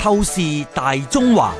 透視大中華，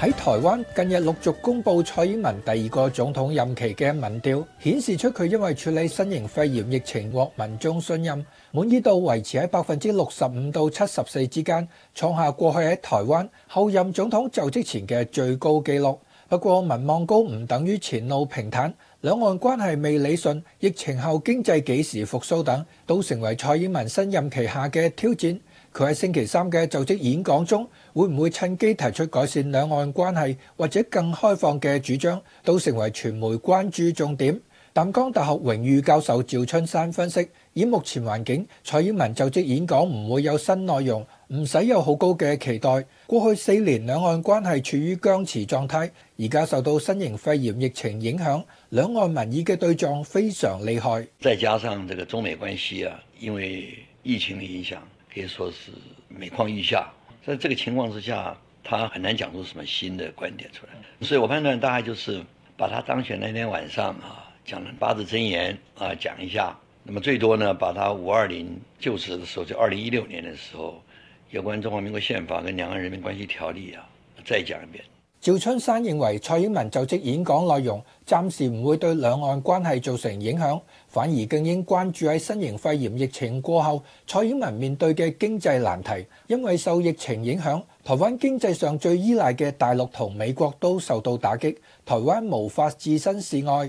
喺台灣近日陸續公布蔡英文第二個總統任期嘅民調，顯示出佢因為處理新型肺炎疫情獲民眾信任，滿意度維持喺百分之六十五到七十四之間，創下過去喺台灣候任總統就職前嘅最高紀錄。不過民望高唔等於前路平坦。兩岸關係未理順，疫情後經濟幾時復甦等，都成為蔡英文新任期下嘅挑戰。佢喺星期三嘅就職演講中，會唔會趁機提出改善兩岸關係，或者更開放嘅主張，都成為傳媒關注重點。淡江大學榮譽教授趙春山分析：以目前環境，蔡英文就職演講唔會有新內容，唔使有好高嘅期待。過去四年，兩岸關係處於僵持狀態，而家受到新型肺炎疫情影響，兩岸民意嘅對撞非常厲害。再加上這個中美關係啊，因為疫情嘅影響，可以說是每況愈下。在這個情況之下，他很難講出什麼新的觀點出來。所以我判斷，大概就是把他當選那天晚上啊。講八字真言啊，講一下。那麼最多呢，把他五二零就職嘅時候，就二零一六年嘅時候，有關《中華民國憲法》跟《兩岸人民關係條例》啊，再講一遍。趙春山認為蔡英文就職演講內容暫時唔會對兩岸關係造成影響，反而更應關注喺新型肺炎疫情過後，蔡英文面對嘅經濟難題，因為受疫情影響，台灣經濟上最依賴嘅大陸同美國都受到打擊，台灣無法置身事外。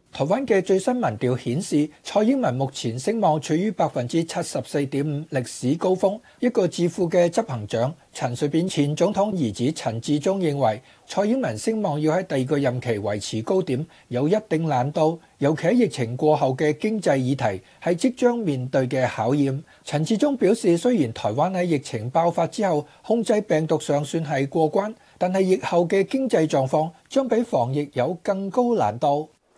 台灣嘅最新民調顯示，蔡英文目前聲望處於百分之七十四點五歷史高峰。一個智庫嘅執行長、陳水扁前總統兒子陳致中認為，蔡英文聲望要喺第二個任期維持高點有一定難度，尤其喺疫情過後嘅經濟議題係即將面對嘅考驗。陳致中表示，雖然台灣喺疫情爆發之後控制病毒尚算係過關，但係疫後嘅經濟狀況將比防疫有更高難度。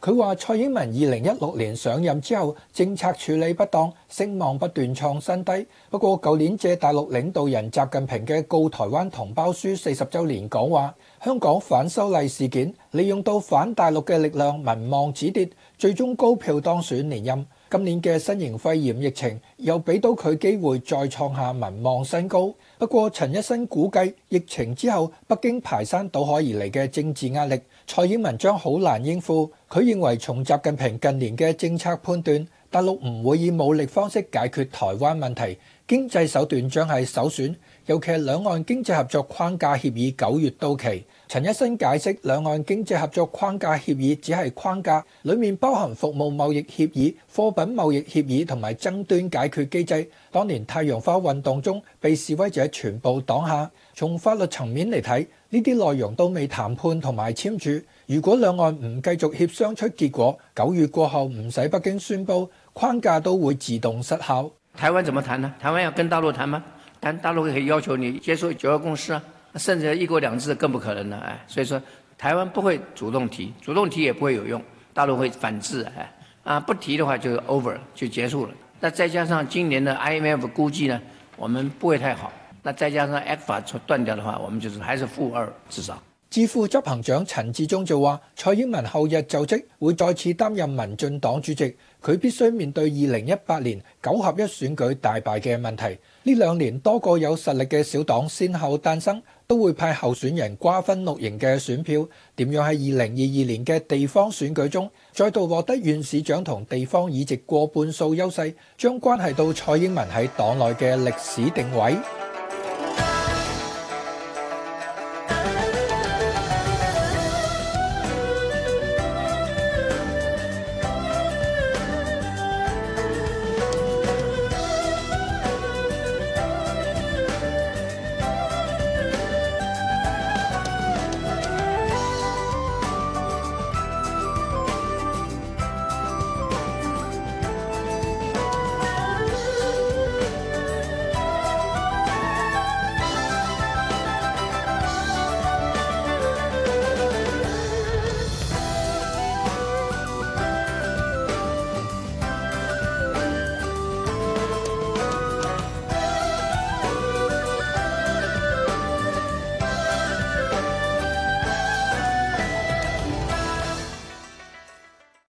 佢話：蔡英文二零一六年上任之後，政策處理不當，聲望不斷創新低。不過舊年借大陸領導人習近平嘅告台灣同胞書四十週年講話，香港反修例事件利用到反大陸嘅力量，民望止跌，最終高票當選連任。今年嘅新型肺炎疫情又俾到佢機會再創下民望新高。不過，陳一新估計疫情之後北京排山倒海而嚟嘅政治壓力，蔡英文將好難應付。佢認為，從習近平近年嘅政策判斷。大陸唔會以武力方式解決台灣問題，經濟手段將係首選。尤其係兩岸經濟合作框架協議九月到期，陳一新解釋兩岸經濟合作框架協議只係框架，裏面包含服務貿易協議、貨品貿易協議同埋爭端解決機制。當年太陽花運動中，被示威者全部擋下。從法律層面嚟睇。呢啲內容都未談判同埋簽署，如果兩岸唔繼續協商出結果，九月過後唔使北京宣佈框架都會自動失效。台灣怎麼談呢？台灣要跟大陸談嗎？但大陸可以要求你接受九二共識啊，甚至一國兩制更不可能的，啊，所以說台灣不會主動提，主動提也不會有用，大陸會反制，啊，哎，啊不提的話就 over 就結束了。那再加上今年的 IMF 估計呢，我們不會太好。再加上 ECFA 斷掉的話，我們就是還是負二至少。致富執行長陳志忠就話：蔡英文後日就職會再次擔任民進黨主席，佢必須面對二零一八年九合一選舉大敗嘅問題。呢兩年多個有實力嘅小黨先後誕生，都會派候選人瓜分綠營嘅選票。點樣喺二零二二年嘅地方選舉中再度獲得縣市長同地方議席過半數優勢，將關係到蔡英文喺黨內嘅歷史定位。